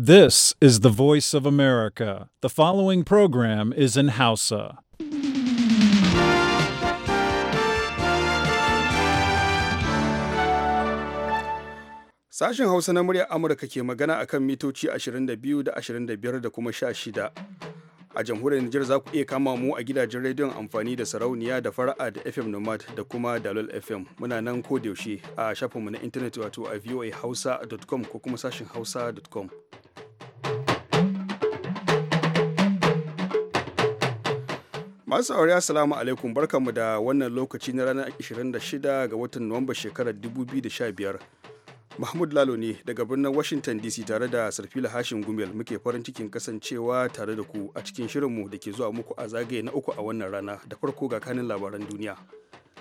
This is the voice of America. The following program is in Hausa. Sashen Hausa na muryar Amurka ke magana akan mitoci 22 da 25 da kuma 16. a jamhuriyar Nijar za ku iya kama mu a gidajen rediyon amfani da sarauniya da fara'a da FM Nomad da kuma Dalol FM. Muna nan ko da yaushe a shafinmu na intanet wato a voahausa.com ko kuma sashin hausa.com. Masu aure assalamu alaikum barkanmu da wannan lokaci na ranar 26 ga watan Nuwamba shekarar 2015. Mahmud Lalo ne daga birnin Washington DC tare da Sarfila Hashin Gumel muke farin cikin kasancewa tare da ku a cikin shirinmu da ke zuwa muku a zagaye na uku a wannan rana da farko ga kanin labaran duniya.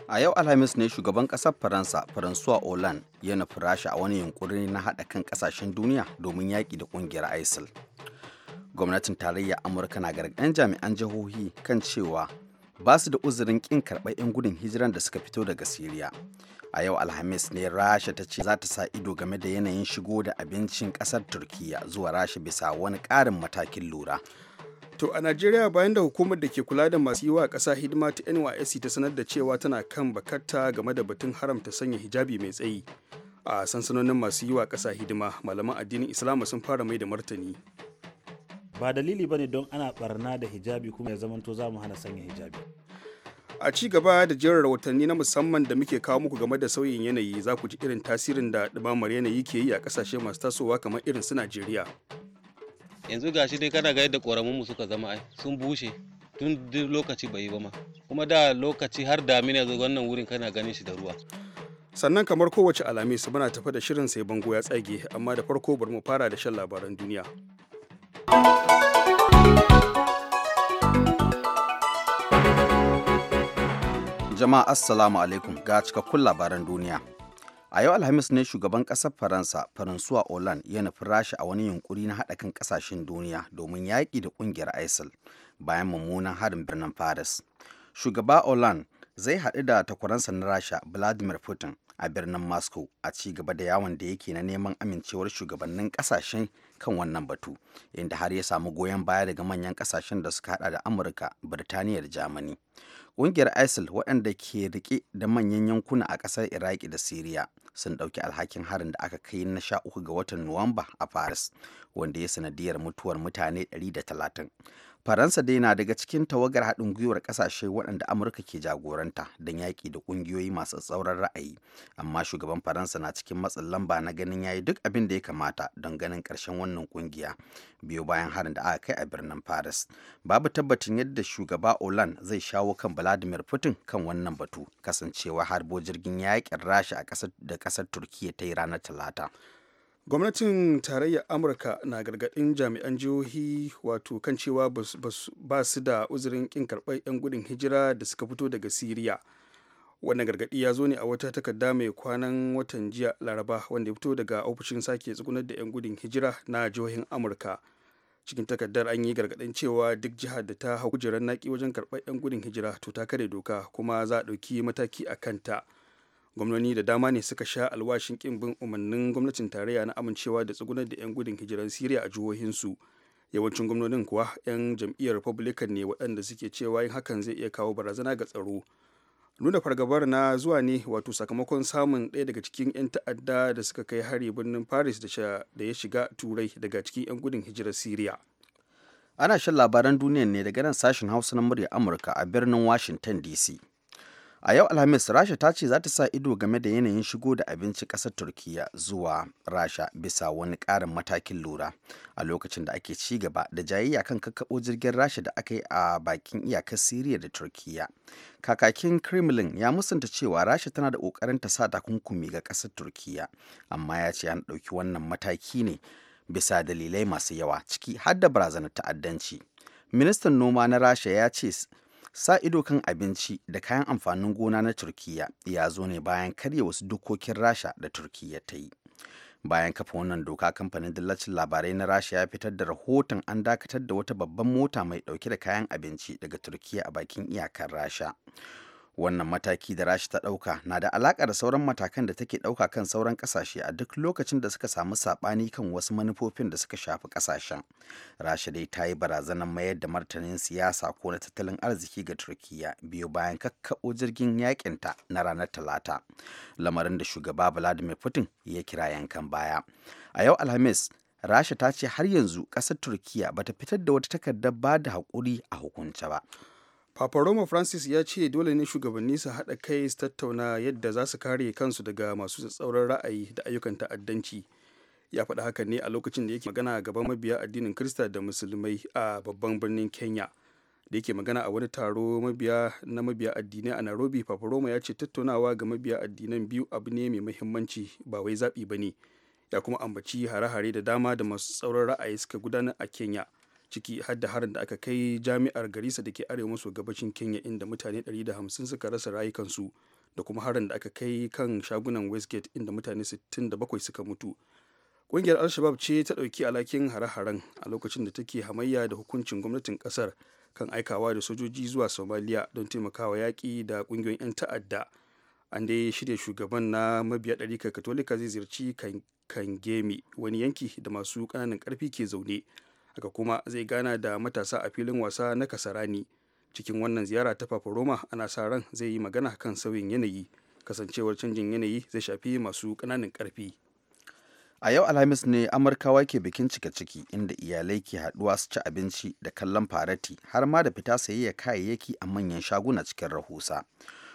A yau Alhamis ne shugaban ƙasar Faransa, Faransuwa Olan, yana nufi a wani yunkuri na haɗa kan kasashen duniya domin yaƙi da ƙungiyar ISIL. Gwamnatin tarayya Amurka na gargaɗin jami'an jihohi kan cewa ba su da uzurin ƙin karɓar 'yan gudun hijiran da suka fito daga Siriya. a yau alhamis ne rasha ta ce za ta sa ido game da yanayin shigo da abincin kasar turkiya zuwa rasha bisa wani karin matakin lura to a najeriya bayan da hukumar da ke kula da masu yi wa kasa hidima ta nysc ta sanar da cewa tana kan bakarta game da batun haramta sanya hijabi mai tsayi a sansanonin masu yi wa kasa hidima malaman addinin islam sun fara mai da martani ba dalili bane don ana barna da hijabi kuma ya zamanto za mu hana sanya hijabi a ci gaba da jerin watanni na musamman da muke kawo muku game da sauyin yanayi za ku ji irin tasirin da ɗumamar yanayi ke yi a ƙasashe masu tasowa kamar irin su najeriya yanzu gashi dai kana ga yadda mu suka zama ai sun bushe tun duk lokaci bai yi ba ma kuma da lokaci har damina zo wannan wurin kana ganin shi da ruwa sannan kamar kowace alamis muna tafi da shirin sai bango ya tsage amma da farko bari mu fara da shan labaran duniya Jama'a Assalamu alaikum ga cikakkun labaran duniya. A yau Alhamis ne shugaban ƙasar Faransa, Faransuwa oland ya nufi Rasha a wani yunkuri na haɗa kan ƙasashen duniya domin yaƙi da ƙungiyar ISIL bayan mummunan harin birnin Paris. Shugaba oland zai haɗu da takwaransa na Rasha, Vladimir Putin, a birnin Moscow a ci gaba da yawon da yake na neman amincewar shugabannin ƙasashen kan wannan batu, inda har ya samu goyon baya daga manyan ƙasashen da suka haɗa da Amurka, Birtaniya da Germany. ƙungiyar isil waɗanda ke riƙe da manyan yankuna a ƙasar iraki da siriya sun ɗauki alhakin harin da aka kai na sha uku ga watan nuwamba a paris wanda ya sanadiyar mutuwar mutane 130 faransa dai na daga cikin tawagar haɗin gwiwar ƙasashe waɗanda amurka ke jagoranta don yaƙi da ƙungiyoyi masu tsauran ra'ayi amma shugaban faransa na cikin matsin lamba na ganin yayi duk abin da ya kamata don ganin ƙarshen wannan ƙungiya biyo bayan harin da aka kai a birnin paris babu tabbacin yadda shugaba olan zai shawo kan vladimir putin kan wannan batu kasancewa harbo jirgin yaƙin rasha a ƙasar da ƙasar turkiyya ta yi ranar talata gwamnatin tarayyar amurka na gargadin jami'an jihohi wato kan cewa ba su da uzurin ƙin karɓar 'yan gudun hijira da suka fito daga siriya wannan gargadi ya zo ne a wata takarda mai kwanan watan jiya laraba wanda ya fito daga ofishin sake tsugunar da 'yan gudun hijira na jihohin amurka cikin takardar an yi gargadin cewa duk jihar da ta hau kujerar naki wajen karɓar 'yan gudun hijira to ta kare doka kuma za a ɗauki mataki a kanta. gwamnoni da dama ne suka sha alwashin kin bin umarnin gwamnatin tarayya na amincewa da tsugunar da 'yan gudun hijiran siriya a jihohinsu yawancin gwamnonin kuwa 'yan jam'iyyar republican ne waɗanda suke cewa yin hakan zai iya kawo barazana ga tsaro nuna fargabar na zuwa ne wato sakamakon samun ɗaya daga cikin 'yan ta'adda da suka kai hari birnin paris da ya shiga turai daga cikin 'yan gudun hijirar siriya ana shan labaran duniya ne daga nan sashen hausa na murya amurka a birnin washington dc a yau alhamis rasha ta ce za ta sa ido game da yanayin shigo da abinci kasar turkiya zuwa rasha bisa wani karin matakin lura a lokacin da ake ci gaba da jayayya kan kakkabo jirgin rasha da aka yi a bakin iyakar siriya da turkiya kakakin kremlin ya musanta cewa rasha tana da kokarin ta sa takunkumi ga ƙasar turkiya amma ya ce an ɗauki wannan mataki ne bisa dalilai masu yawa ciki har da barazanar ta'addanci ministan noma na rasha ya ce sa ido kan abinci da kayan amfanin gona na turkiya ya zo ne bayan karya wasu dokokin rasha da turkiya ta yi bayan kafa wannan doka kamfanin dillacin labarai na rasha ya fitar da rahoton an dakatar da wata babban mota mai dauke da kayan abinci daga turkiya a bakin iyakar rasha wannan mataki da rashi ta ɗauka na da alaƙa da sauran matakan da take ɗauka kan sauran ƙasashe a duk lokacin da suka samu saɓani kan wasu manufofin da suka shafi ƙasashen rasha dai ta yi barazanar mayar da martanin siyasa ko na tattalin arziki ga turkiya biyu bayan kakkaɓo jirgin yaƙinta na ranar talata lamarin da shugaba vladimir putin ya kira yankan baya a yau alhamis rasha ta ce har yanzu ƙasar turkiya bata fitar da wata takardar ba da haƙuri a hukunce ba Papa Roma Francis ya ce dole ne shugabanni su haɗa kai su tattauna yadda za su kare kansu daga masu tsatsauran ra'ayi da ayyukan ta'addanci. Ya faɗa haka ne a lokacin da yake magana gaban mabiya addinin Kirista da Musulmai a babban birnin Kenya. Da yake magana a wani taro mabiya na mabiya addinai a Nairobi, Papa Roma ya ce tattaunawa ga mabiya addinan biyu abu ne mai muhimmanci ba wai zaɓi ba ne. Ya kuma ambaci hare-hare da dama da masu tsauran ra'ayi suka gudanar a Kenya. ciki hadda harin da aka kai jami'ar garisa da ke arewa maso gabashin kenya inda mutane 150 suka rasa rayukansu da kuma harin da aka kai kan shagunan westgate inda mutane 67 suka mutu ƙungiyar al-shabab ce ta ɗauki alakin hare-haren a lokacin da take hamayya da hukuncin gwamnatin kasar kan aikawa da sojoji zuwa somaliya don taimakawa yaƙi da ƙungiyoyin 'yan ta'adda an dai shirya shugaban na mabiya ɗarika katolika zai ziyarci kangemi wani yanki da masu ƙananan ƙarfi ke zaune daga kuma zai gana da matasa a filin wasa na kasarani cikin wannan ziyara ta fafaroma ana sa ran zai yi magana kan sauyin yanayi kasancewar canjin yanayi zai shafi masu ƙananan ƙarfi a yau alhamis ne amurkawa ke bikin cika ciki inda iyalai ke haɗuwa su ci abinci da kallon farati har ma da fita sayayya kayayyaki a manyan shaguna cikin rahusa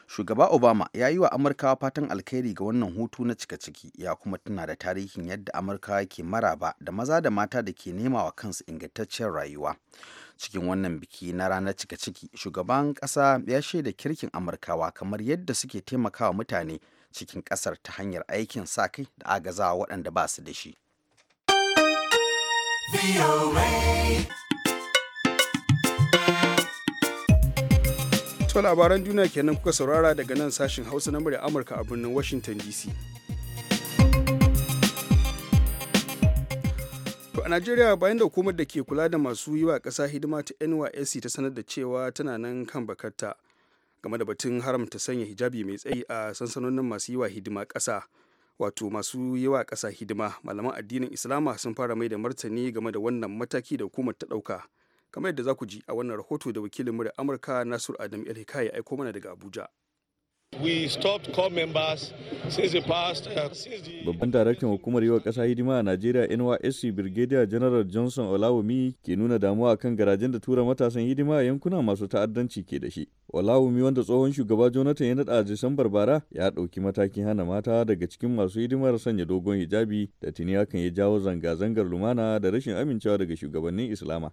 shugaba obama ya yi wa amurkawa fatan alkhairi ga wannan hutu na cika ciki ya kuma tuna da tarihin yadda amurkawa ke maraba da maza da mata da ke nema wa kansu ingantaccen rayuwa cikin wannan biki na ranar cika ciki shugaban ƙasa ya shaida kirkin amurkawa kamar yadda suke taimakawa mutane cikin ƙasar ta hanyar aikin sa kai da agazawa waɗanda ba su da shi to labaran duniya kenan kuka saurara daga nan sashin hausa na murya amurka a birnin washington dc to a najeriya bayan da hukumar da ke kula da masu yi wa ƙasa hidima ta nysc ta sanar da cewa tana nan kan bakarta game da batun haramta sanya hijabi mai tsayi a sansanonin masu yi wa hidima kasa wato masu yi wa ƙasa hidima malaman addinin islama sun fara mai da martani game da wannan mataki da hukumar ta ɗauka kamar yadda za ku ji a wannan rahoto da wakilin murya amurka nasur adam ilhika ya aiko mana daga abuja uh, Babban daraktan hukumar yiwa ƙasa hidima a Najeriya NYSC Brigadier General Johnson olawomi ke nuna damuwa kan garajen da tura matasan hidima a yankuna masu ta'addanci ke da shi. Olawumi wanda tsohon shugaba Jonathan ya naɗa a Disambar bara ya ɗauki matakin hana mata daga cikin masu hidimar sanya dogon hijabi da tuni hakan ya jawo zanga-zangar lumana da rashin amincewa daga shugabannin Islama.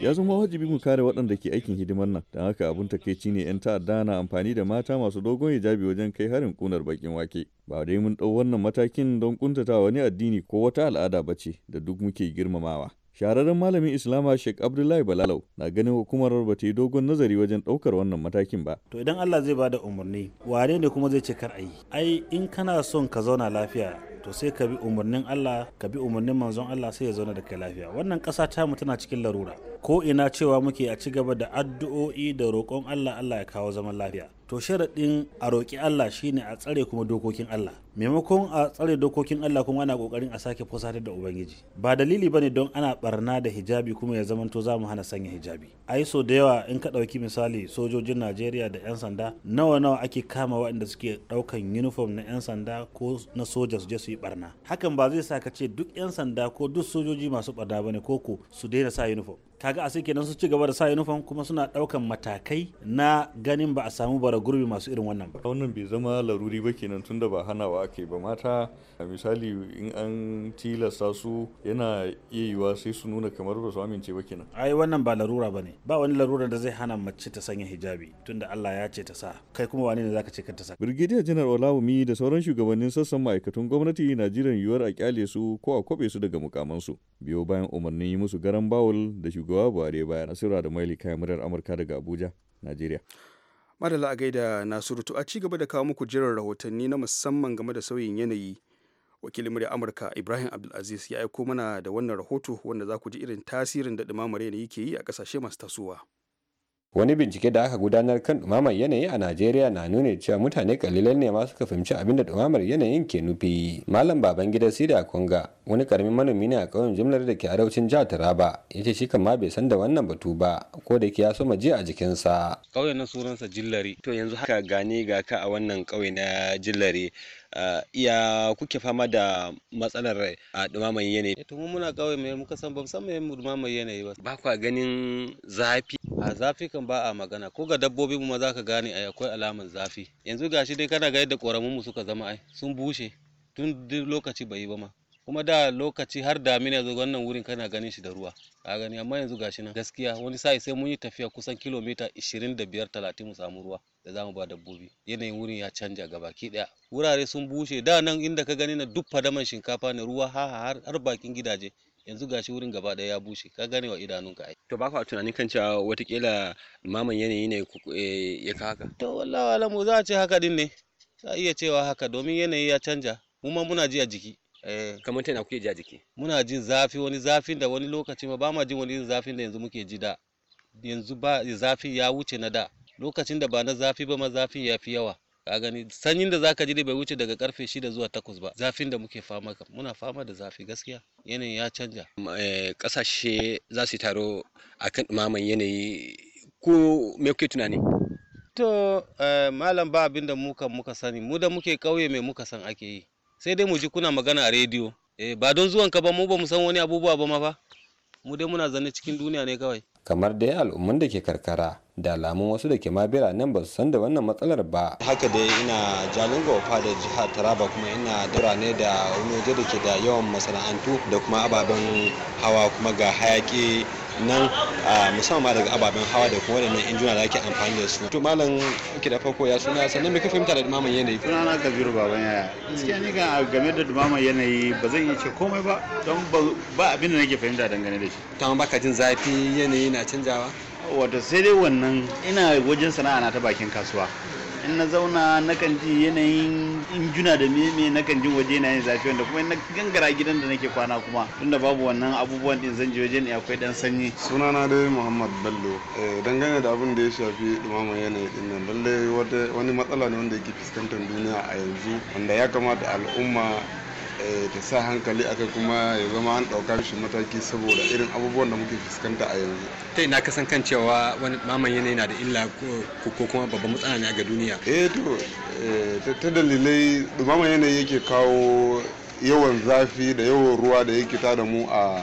Ya zama wajibi mu kare waɗanda ke aikin hidimar nan, don haka abun takaici ne 'yan ta'adda na amfani da mata masu dogon hijabi wajen kai harin kunar bakin wake. Ba dai mun ɗau wannan matakin don kuntata wani addini ko wata al'ada ba ce da duk muke girmamawa. Shahararren malamin Islama Sheikh Abdullahi Balalau na ganin hukumar ba ta yi dogon nazari wajen ɗaukar wannan matakin ba. To idan Allah zai bada umarni, wane ne kuma zai ce kar ayi. Ai in kana son ka zauna lafiya to sai ka bi umarnin Allah ka bi umarnin manzon Allah sai ya zauna da kai lafiya wannan kasa ta mu tana cikin larura ko ina cewa muke a ci gaba da addu'o'i da roƙon Allah Allah ya kawo zaman lafiya to sharaɗin a roƙi Allah shine a tsare kuma dokokin Allah maimakon a tsare dokokin Allah kuma ana kokarin a sake fusatar da ubangiji ba dalili bane don ana barna da hijabi kuma ya zamanto za mu hana sanya hijabi ai so da yawa in ka dauki misali sojojin Najeriya da yan sanda nawa nawa ake kama waɗanda suke daukan uniform na yan sanda ko na soja su je su yi barna hakan ba zai sa ka ce duk yan sanda ko duk sojoji masu barna bane ko ko su daina sa uniform kaga a kenan su ci gaba da sa uniform kuma suna daukan matakai na ganin ba a samu bara gurbi masu irin wannan ba wannan bai zama laruri ba kenan tunda ba hanawa ake ba mata misali in an tilasta su yana iya yiwuwa sai su nuna kamar ba su amince ba kenan ai wannan ba larura ba ne ba wani larura da zai hana mace ta sanya hijabi tunda Allah ya ce ta sa kai kuma wane ne zaka ce ka ta sa Brigadier General Olawumi da sauran shugabannin sassan ma'aikatan gwamnati na jiran yiwuwar a kyale su ko a kwabe su daga mukamansu biyo bayan umarnin yi musu garan bawul da shugaba Buhari bayan asira da maili kayan murar Amurka daga Abuja Najeriya madala a gaida nasiru to a ci gaba da kawo muku jiran rahotanni na musamman game da sauyin yanayi wakilin murya amurka ibrahim abdulaziz ya aiko mana da wannan rahoto wanda za ku ji irin tasirin da ɗumamar yanayi ke yi a ƙasashe masu tasowa wani bincike da aka gudanar kan dumamar yanayi a najeriya na nuna cewa mutane kalilan ne ma suka fahimci abin da dumamar yanayin ke nufi malam baban gida sida konga wani karamin manomi ne a ƙauyen jimlar da ke arewacin jihar taraba ya ce shi kan ma bai san da wannan batu ba ko da ke ya soma ji a jikinsa ƙauyen na sunansa jillari to yanzu haka gane ga ka a wannan ƙauye na jillari ya kuke fama da matsalar A dumaman yanayi to mu muna kawai mai muka san ba san mai dumaman yanayi ba ba kwa ganin zafi a zafi kan ba a magana ko ga dabbobi mu ma za ka gane akwai alamar zafi yanzu gashi dai kana ga yadda koramun mu suka zama ai sun bushe tun duk lokaci bai yi ba ma kuma da lokaci har damina zo wannan wurin kana ganin shi da ruwa a gani amma yanzu gashi nan gaskiya wani sa'i sai mun yi tafiya kusan kilomita 25 30 mu samu ruwa da zamu ba dabbobi yanayin wurin ya canja gabaki daya wurare sun bushe da nan inda ka gani na duk fadaman shinkafa ne ruwa har har bakin gidaje yanzu gashi wurin gaba daya ya bushe ka gane wa idanunka ai to ba ka tunanin kan cewa watakila maman yanayi ne eh, ya ka haka to wallahi alamu za a ce haka din ne za iya cewa haka domin yanayi ya canja mu ma muna ji a jiki Eh, kamar tana kuke ji a jiki muna jin zafi wani zafin da wani lokaci ma ba ma jin wani zafin da yanzu muke ji da yanzu ba zafin ya wuce na da lokacin da ba na zafi ba ma zafin ya fi yawa ka gani sanyin da zaka ji da bai wuce daga karfe shida zuwa takwas ba zafin da muke fama ka muna fama da zafi gaskiya yanayin ya canja kasashe eh, za su taro akan dumaman yanayi ko me kuke tunani to eh, malam ba abin da mu kan muka sani mu da muke kauye mai muka san ake yi sai dai mu ji kuna magana a rediyo eh, ba don zuwan ka ba mu ba mu san wani abubuwa ba ma fa mu dai muna zanne cikin duniya ne kawai kamar dai al'umman da ke karkara da alamun wasu da ke ma biranen ba su san da wannan matsalar ba. Haka dai ina Jalingo gofa da jihar Taraba kuma ina dura da wani waje da ke da yawan masana'antu da kuma ababen hawa kuma ga hayaki nan musamman daga ababen hawa da kuma wadannan injuna da ake amfani da su to malam ki da farko ya suna sannan me ka fahimta da dumaman yanayi sunana kabiru baban yaya gaskiya ni ga game da dumaman yanayi ba zan iya ce komai ba don ba abin da nake fahimta dangane da shi ta baka jin zafi yanayi na canjawa wato sai dai wannan ina wajen sana'a na ta bakin kasuwa in na zauna na kan ji yanayin injuna da meme na kan waje na yin zafi wanda kuma na gangara gidan da nake kwana kuma tunda babu wannan abubuwan din zan je waje ne akwai dan sanyi sunana dai muhammad bello eh, dangane da abin da ya shafi dumama yanayi din nan lalle wani matsala ne wanda yake fuskantar duniya a yanzu wanda ya kamata al'umma ta eh, sa hankali aka kuma ya zama an ɗauka shi mataki saboda irin abubuwan da muke fuskanta a yanzu ta n'a kasan kan cewa wani maman yanayi na da illa ko kuma babban matsala ne ga duniya eh to eh, ta dalilai maman yanayi yake kawo yawan zafi da yawan ruwa da yake tada mu a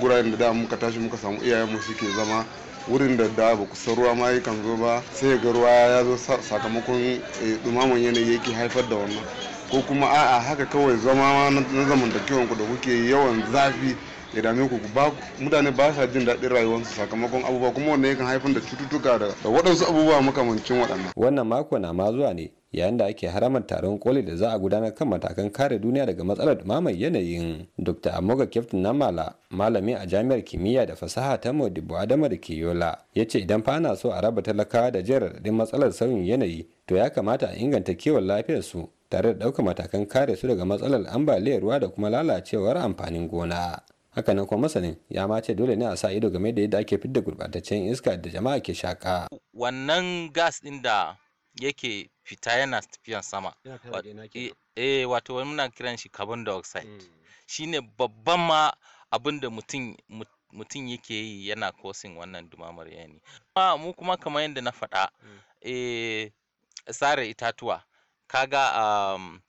guraren da da muka tashi muka samu iyayen mu suke zama wurin da da ba kusa ruwa ma yakan zo ba sai ga ruwa ya zo sakamakon dumaman eh, yanayi yake haifar da wannan ko kuma a'a haka kawai zama na zamantakewanku da kuke yawan zafi ya dame ku ba mutane ba sa jin daɗin rayuwarsu sakamakon abubuwa kuma wannan yakan haifar da cututtuka da waɗansu abubuwa makamancin waɗannan. wannan mako na ma zuwa ne yayin da ake haramar taron koli da za a gudanar kan matakan kare duniya daga matsalar mamaye yanayin dr amoga captain namala malami a jami'ar kimiyya da fasaha ta modibo adama da keyola ya ce idan fa ana so a raba talakawa da jiyar matsalar sauyin yanayi to ya kamata a inganta kiwon lafiyarsu tare da ɗauka matakan kare su daga matsalar ambaliyar ruwa da kuma lalacewar amfanin gona haka nan kuma masanin ya mace dole ne a sa ido game da yadda ake fidda gurbataccen iska da jama'a ke shaka wannan gas ɗin da yake fita yana tafiyan sama eh, eh wato wani muna kiran shi carbon dioxide hmm. shine babban ma abin da mutum yake yi yana kosin wannan dumamar yani mu kuma kamar yadda na faɗa hmm. eh tsare itatuwa kaga um,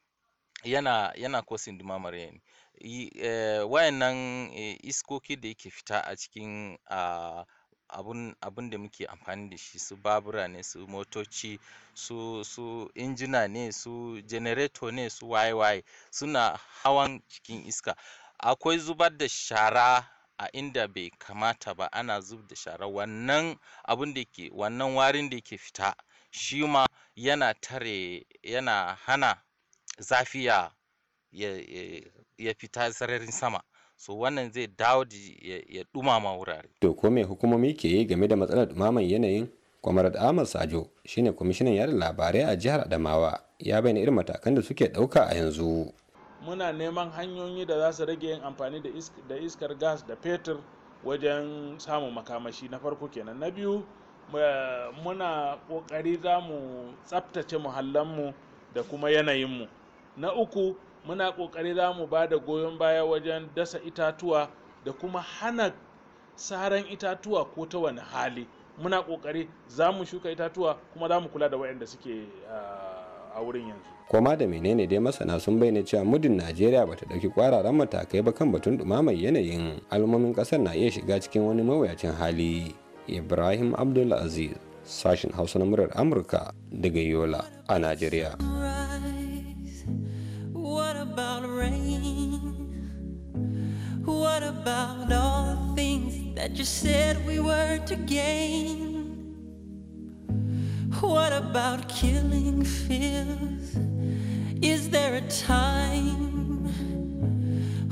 yana yana kosin dumamar eh, wayannan eh, iskoki da yake fita a cikin uh, abun da muke amfani da shi su babura ne su motoci su su injina ne su generator ne su waye waye suna hawan cikin iska akwai zubar da shara a inda bai kamata ba ana zub da shara wannan abun da ke wannan warin da ke fita shi ma yana tare yana hana zafi ya ya fita sararin sama so wannan zai dawo da ya dumama wurare to ko me hukumomi ke yi game da matsalar dumaman yanayin kwamarat ahmad sajo shine kwamishinan yada labarai a jihar adamawa ya bayyana irin matakan da suke dauka a yanzu muna neman hanyoyi da za su rage yin amfani da iskar gas da fetur wajen samun makamashi na farko kenan na biyu muna ƙoƙari za mu tsaftace muhallanmu da kuma yanayinmu na uku muna ƙoƙari za mu ba da goyon baya wajen dasa itatuwa da kuma hana saran itatuwa ko ta wani hali muna ƙoƙari za mu shuka itatuwa kuma za mu kula da waɗanda suke ah, a wurin yanzu koma da menene dai masana sun bayyana cewa mudin najeriya bata dauki kwararan matakai ba kan batun dumamar yanayin almomin kasar na iya shiga cikin wani mawuyacin hali Ibrahim Abdul Aziz, sashen Hausa na murar Amurka daga Yola a Najeriya. What about all the things that you said we were to gain? What about killing fears? Is there a time?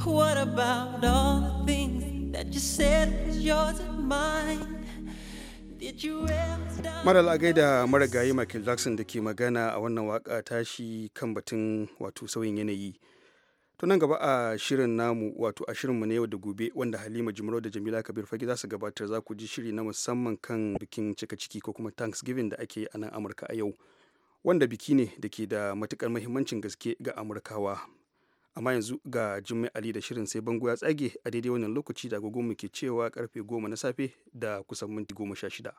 What about all the things that you said was yours and mine? mara lagai gaida marigayi michael jackson da ke magana a wannan waka tashi kan batun wato sauyin yanayi tunan gaba a shirin namu wato a mu na yau da gobe wanda halima jimro da jamila kabir fage za su gabatar za ku ji shiri na musamman kan bikin cika ciki ko kuma thanksgiving da ake yi a nan amurka a yau wanda biki ne da ke da matukar mahimmancin gaske ga amurkawa amma yanzu ga jimmy ali da shirin sai bango ya tsage a daidai wannan lokaci da agogonmu ke cewa karfe goma na safe da kusan minti goma sha shida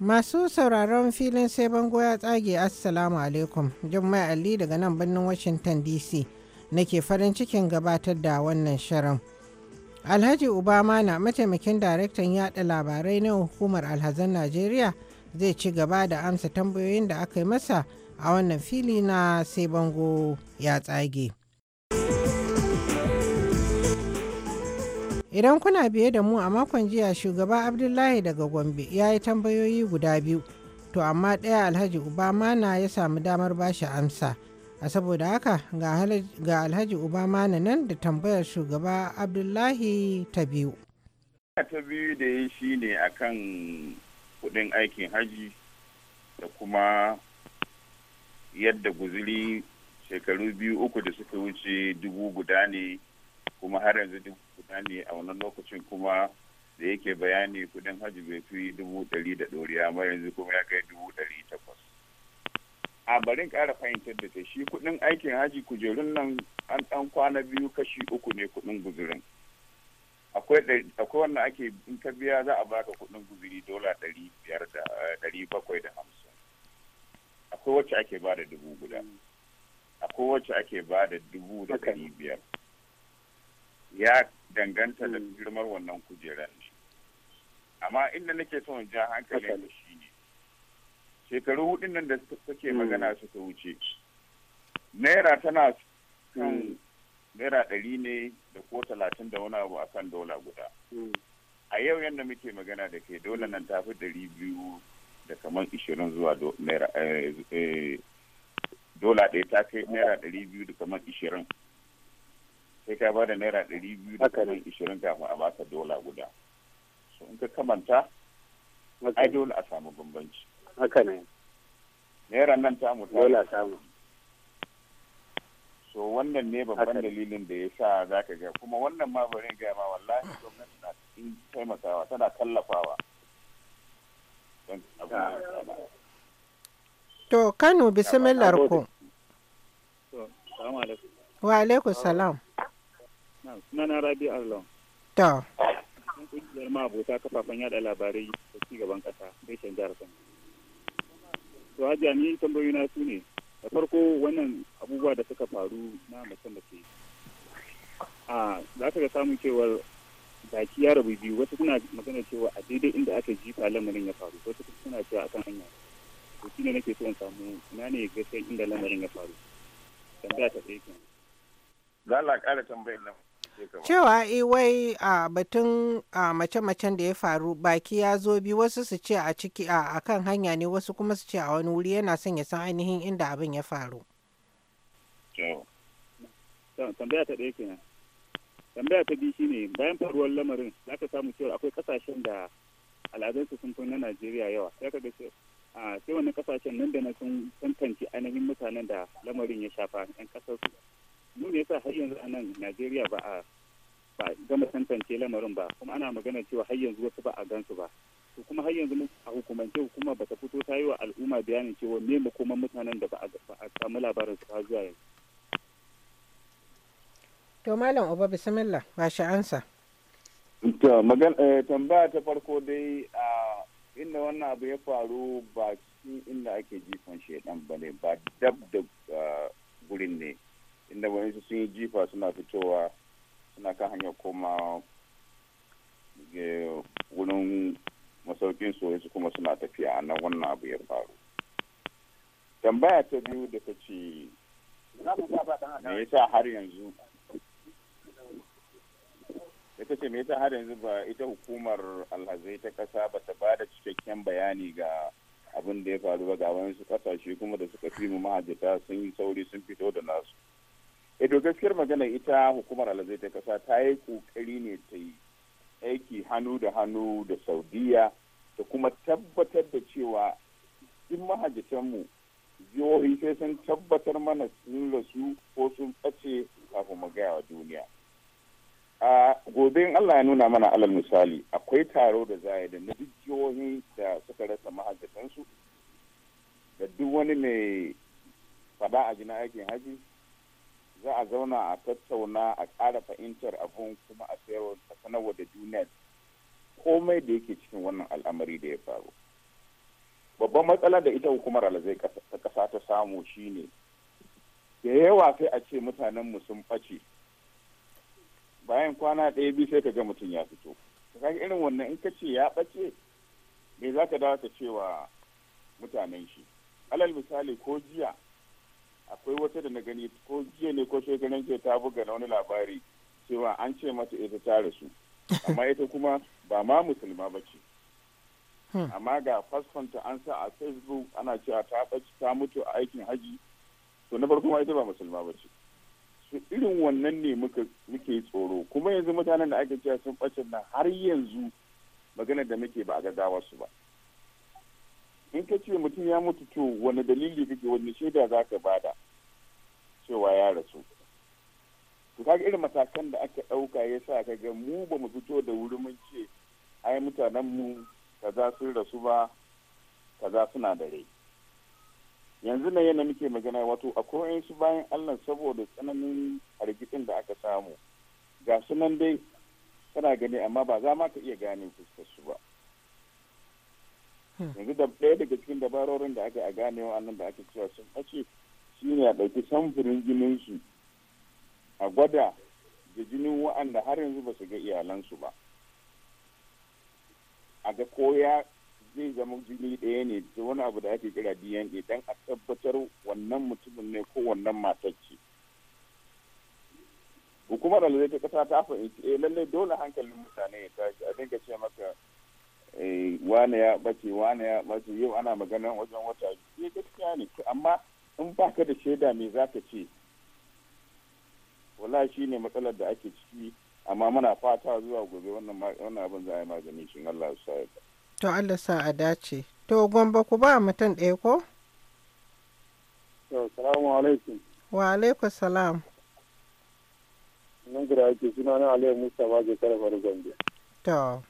Masu sauraron filin sai bango ya tsage Assalamu alaikum. Jummai Ali daga nan birnin Washington DC nake farin cikin gabatar da wannan shirin. alhaji obama na mataimakin daraktan yada labarai na hukumar alhazan najeriya zai ci gaba da amsa tambayoyin da aka yi masa a wannan fili na sai bango ya tsage idan kuna biye da mu a makon jiya shugaba abdullahi daga gombe ya yi tambayoyi guda biyu to amma ɗaya alhaji obama na ya samu damar bashi amsa a saboda haka ga alhaji obama na nan da tambayar shugaba abdullahi ta biyu ta biyu da ya shi ne a kan kudin aikin haji da kuma yadda guzuri shekaru biyu uku da suka wuce dubu guda ne kuma har yanzu dubu guda ne a wannan lokacin kuma da yake bayani kudin haji bai fi dubu dari da ɗoriya mai yanzu kuma ya kai dubu ɗari takwas a barin kara fahimtar da ta shi kuɗin aikin haji kujerun nan an dan kwana biyu kashi uku ne kuɗin guzurin akwai wannan ake in ka biya za a baka kuɗin guzuri dola ɗari biyar da eh, ɗari bakwai da hamsin akwai wacce ake ba da dubu guda akwai wacce ake ba da dubu da ɗari biyar ya danganta da hmm. girmar wannan kujeran shi amma inda nake son ja da shi ne shekaru hudun nan da suke hmm. magana suka wuce naira tana kan hmm. naira ɗari ne da ko talatin da wani abu akan dola guda hmm. a yau yadda muke magana da ke dola nan tafi ɗari biyu da kamar ishirin zuwa naira eh, eh, dola ɗaya ta kai naira ɗari biyu da kamar ishirin sai ka ba da naira ɗari biyu da kamar ishirin kafin a baka dola guda so in ka kamanta ai dole a samu bambanci haka ne naira nan ta mu dole samu so wannan ne babban dalilin da ya sa za ka ga kuma wannan ma bari ga ma wallahi gwamnati na cikin taimakawa tana tallafawa to kano bismillah ku wa alaikum salam na na rabi allah to kungiyar ma abota kafafen yada labarai da cigaban kasa reshen jihar kano to hajiya ni tambayoyi na su ne da farko wannan abubuwa da suka faru na mace mace a za ka ga samun cewar baki ya rabu biyu wasu suna magana cewa a daidai inda aka jifa lamarin ya faru wasu suna cewa akan hanya to shine nake so in samu ina ne gaskiya inda lamarin ya faru tambaya ta ɗaya kenan za a ƙara tambayar nan cewa eh, wai a batun mace-macen da ya faru baki ya zo bi wasu su ce a ciki a kan hanya ne wasu kuma su ce a wani wuri yana son ya san ainihin inda abin ya faru tambaya ta ɗaya kenan tambaya ta biyu shine bayan faruwar lamarin za ka samu cewa akwai kasashen da al'adunsu sun fi na najeriya yawa sai ka a sai wani kasashen nan da na sun tantance ainihin mutanen da lamarin ya shafa 'yan kasarsu mun ne yasa har yanzu a nan najeriya ba a ba gama tantance lamarin ba kuma ana magana cewa har yanzu wasu ba a gansu ba to kuma har yanzu a hukumance hukuma ba ta fito ta yi wa al'umma bayanin cewa me makoman mutanen da ba a samu labarin su zuwa yanzu to malam uba bismillah ba shi ansa to magana eh, tambaya ta farko dai a inda wannan abu ya faru ba cikin inda ake jifan shedan ne ba dab da eh, gurin ne inda wasu sun yi jifa suna fitowa suna kan hanyar koma eh, wurin masaukin su kuma suna tafiya a nan wannan abu ya faru tambaya ta biyu da ta ce me yasa har yanzu ita ce me yasa har yanzu ba ita hukumar alhazai ta kasa ba ta ba da cikakken bayani ga abin da ya faru ba ga wasu kasashe kuma da suka fi mu mahajjata sun yi sauri sun fito da nasu edo eh, gaskiyar magana ita hukumar alazai ta kasa ta yi kokari ne ta yi aiki hannu da hannu da saudiya da kuma tabbatar da cewa duk mahajjatanmu jihohi sai sun tabbatar mana sun rasu ko sun ɓace kafin mu gaya wa duniya a gobe in allah ya nuna mana alal misali akwai taro da za da na duk jihohi da suka rasa mahajjatansu da duk wani mai faɗa a jina aikin haji za a zauna a tattauna a ƙara fahimtar abun kuma a sayarwa a sanarwa da duniya komai da yake cikin wannan al'amari da ya faru babban matsala da ita hukumar alazai ta ƙasa ta samu shine da yawa sai a ce mutanenmu sun ɓace bayan kwana ɗaya biyu sai ka ga mutum ya fito ka irin wannan in ka ce ya ɓace me za ka dawo ka cewa mutanen shi alal misali ko jiya akwai wata da na gani ko jiya ne ko shekaran jiya ta buga na wani labari cewa an ce mata ita ta rasu amma ita kuma ba ma musulma ba ce hmm. amma ga fasfanta an sa a facebook ana cewa ta ɓaci ta mutu a aikin haji to na farko ma ita ba musulma ba ce su irin wannan ne muke tsoro kuma yanzu mutanen da ake cewa sun ɓace na har yanzu magana da muke ba a gaggawa su ba in ka ce mutum ya mutu to wani dalili kake wani shaida za ka bada cewa ya rasu to kaga irin matakan da aka ɗauka ya sa ka ga mu ba mu fito da wuri mun ce ai mutanen mu kaza sun rasu ba kaza suna da rai yanzu na yana muke magana wato akwai su bayan allah saboda tsananin hargitsin da aka samu ga sunan dai kana gani amma ba za ma ka iya gane fuskar su ba yanzu da ɗaya daga cikin dabarorin da aka a gane wa'annan da aka cewa sun ɓace shi ne a ɗauki samfurin jininsu a gwada da jinin wa'anda har yanzu ba su ga iyalansu ba a ga koya zai zama jini ɗaya ne da wani abu da ake kira dna don a tabbatar wannan mutumin ne ko wannan matar ce hukumar alzai ta kasa ta fahimci eh lallai dole hankalin mutane ya tashi a dinga ce maka Eh, wane ya bace wane ya bace yau ana magana wajen wata biyu eh, gaskiya ne amma in baka da shaida me za ka ce wala shi ne matsalar da ake ciki amma muna fata zuwa gobe wannan abin za a yi magani shi Allah sa ya to Allah sa a dace to gomba ku ba mutum ɗaya ko to assalamu alaikum wa alaikum salam nan gura ake suna na Aliyu Musa ba ke karfar Gombe to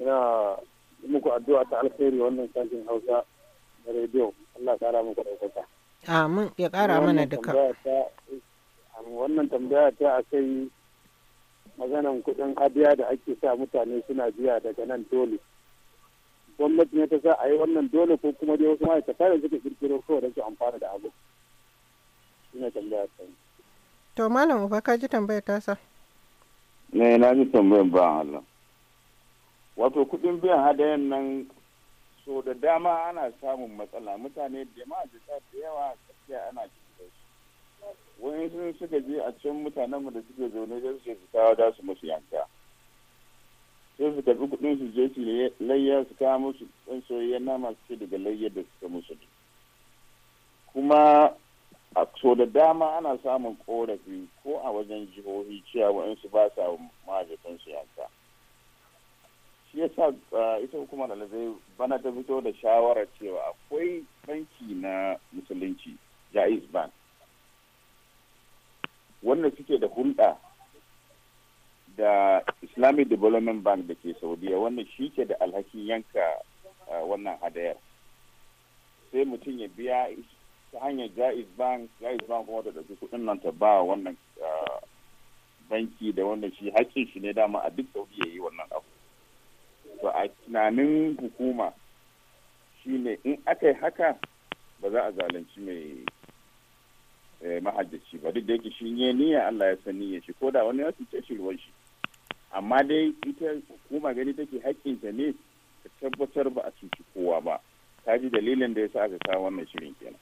ina muku addu'a ta alheri wannan sashen hausa na rediyo allah kara muku ɗaukaka amin ya kara mana duka wannan tambaya ta a kai maganan kuɗin hadiya da ake sa mutane suna biya daga nan dole gwamnati ne ta sa a yi wannan dole ko kuma dai wasu ma'aikata da suka kirkiro kawai da su amfana da abu ina tambaya ta yi. to malam uba ka ji tambayar tasa ne na ji tambayar ba Allah wato kudin biyan hadayen nan so da dama ana samun matsala mutane da ma da yawa gaskiya ana cikin su wani sun suka je a can mutanen mu da suke zaune da suke fitawa da su musu yanka sai su tafi kudin su je su layya su kawo musu dan soyayyen nama su ce daga layyar da suka musu kuma a so da dama ana samun korafi ko a wajen jihohi cewa wa'insu ba sa ma'ajatan su yanka shi yasa uh, ita hukumar alazai bana ta fito da shawara cewa akwai banki na musulunci jaiz bank wannan suke da hulɗa da islamic development bank da ke saudiya wannan shi ke da alhakin yanka uh, wannan hadayar sai mutum ya biya ta hanyar jaiz bank jaiz bank kuma da dauki kudin nan ta ba wannan uh, banki da wannan shi hakkin shi ne dama a duk saudiya yi wannan to a tunanin hukuma shine in aka yi haka ba za a zalunci mai eh, mahajjaci ba duk da yake shi ne niyya Allah ya san niyyar shi ko da wani ya cuce shi ruwan shi amma dai ita hukuma gani take ta ne ta tabbatar ba a cuci kowa ba ta ji dalilin da ya sa aka kawo wannan shirin kenan.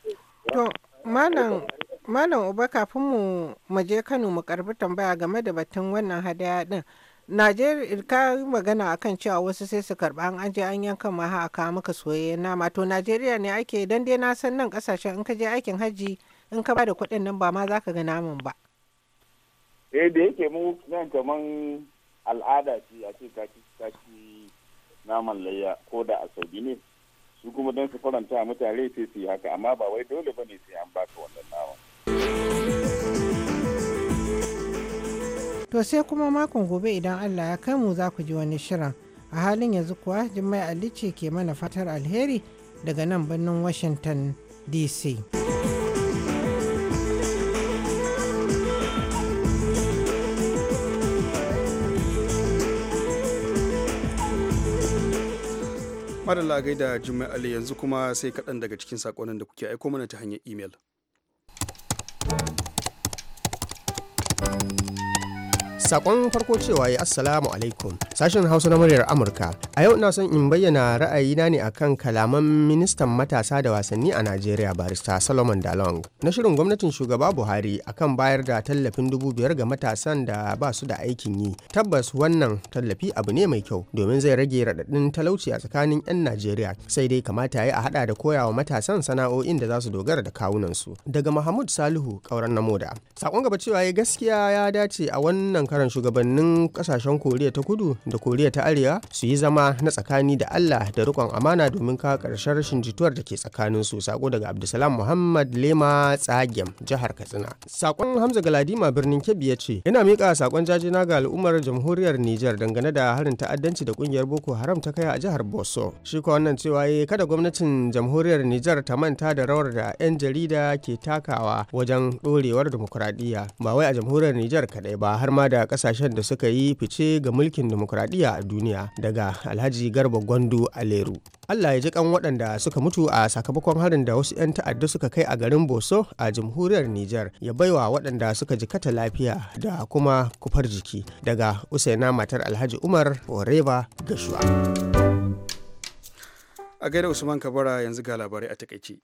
To malam malam uba kafin mu mu je Kano mu karbi tambaya game da batun wannan hadaya din Najeriya ka magana akan cewa wasu sai su karba an aje an yanka maha ha aka maka nama to Najeriya ne ake dan dai na san nan kasashen in ka je aikin hajji in ka ba da kuɗin nan ba ma za ka ga naman ba. Eh da yake mu nan kaman al'ada ce a ce kaki kaki naman layya ko da a ne su kuma don su faranta mutane sai su yi haka amma ba wai dole bane sai an baka wannan naman. To sai kuma makon gobe idan Allah ya kai mu za ku ji wani shirin. A halin yanzu kuwa Jummai Ali ce ke mana fatar alheri daga nan birnin Washington DC. Madalla gaida Jummai Ali yanzu kuma sai kaɗan daga cikin saƙonin da kuke aiko mana ta hanyar imel. Sakon farko cewa ya assalamu alaikum sashen hausa na muryar Amurka. A yau ina son in bayyana ra'ayina ne a kan kalaman ministan matasa da wasanni a Najeriya barista Solomon Dalong. Na shirin gwamnatin shugaba Buhari akan bayar da tallafin dubu biyar ga matasan da ba su da aikin yi. Tabbas wannan tallafi abu ne mai kyau domin zai rage raɗaɗin talauci a tsakanin 'yan Najeriya sai dai kamata ya a haɗa da koyawa matasan sana'o'in da za su dogara da kawunansu. Daga Mahmud Salihu ƙauren na moda. Sakon gaba cewa ya gaskiya ya dace a wannan karan shugabannin kasashen koriya ta kudu da koriya ta arewa su yi zama na tsakani da allah da rikon amana domin kawo karshen rashin jituwar da ke tsakanin su sako daga abdulsalam muhammad lema tsagem jihar katsina sakon hamza galadima birnin kebbi ya ce yana miƙa sakon jajina ga al'ummar jamhuriyar nijar dangane da harin ta'addanci da kungiyar boko haram ta kai a jihar boso shi ko wannan cewa kada gwamnatin jamhuriyar nijar ta manta da rawar da 'yan jarida ke takawa wajen dorewar dimokuraɗiyya ba wai a jamhuriyar nijar kaɗai ba har ma da kasashen da suka yi fice ga mulkin demokuraɗiyya a duniya daga alhaji garba gwandu leru allah ya ji kan waɗanda suka mutu a sakamakon harin da wasu 'yan ta'adda suka kai a garin boso a jamhuriyar Nijar ya baiwa waɗanda suka jikata lafiya da kuma kufar jiki daga usaina matar alhaji umar oreba Gashua. a gaida usman kabara yanzu ga labarai a takaice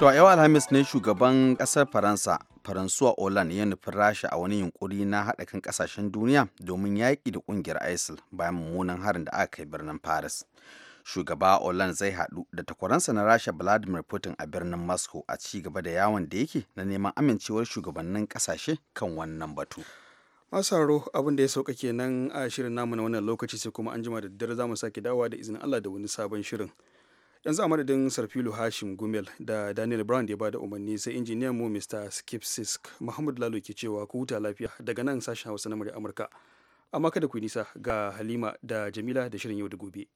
To a yau Alhamis ne shugaban ƙasar Faransa, Faransuwa Olan ya nufi Rasha a wani yunkuri na haɗa kan ƙasashen duniya domin yaƙi da ƙungiyar ISIL bayan mummunan harin da aka kai birnin Paris. Shugaba Olan zai haɗu da takwaransa na Rasha Vladimir Putin a birnin Moscow a ci gaba da yawon da yake na neman amincewar shugabannin ƙasashe kan wannan batu. masaro abin da ya sauka kenan a shirin namu na wannan lokaci sai kuma an jima da daddare za mu sake dawowa da izinin Allah da wani sabon shirin. yanzu a madadin sarfilu hashim gumel da daniel brown da ya bada umarni sai injiniyan mu mr skip sisk muhammad lalo ke cewa ku huta lafiya daga nan sashen hausa na murya amurka amma kada ku nisa ga halima da jamila da shirin yau da gobe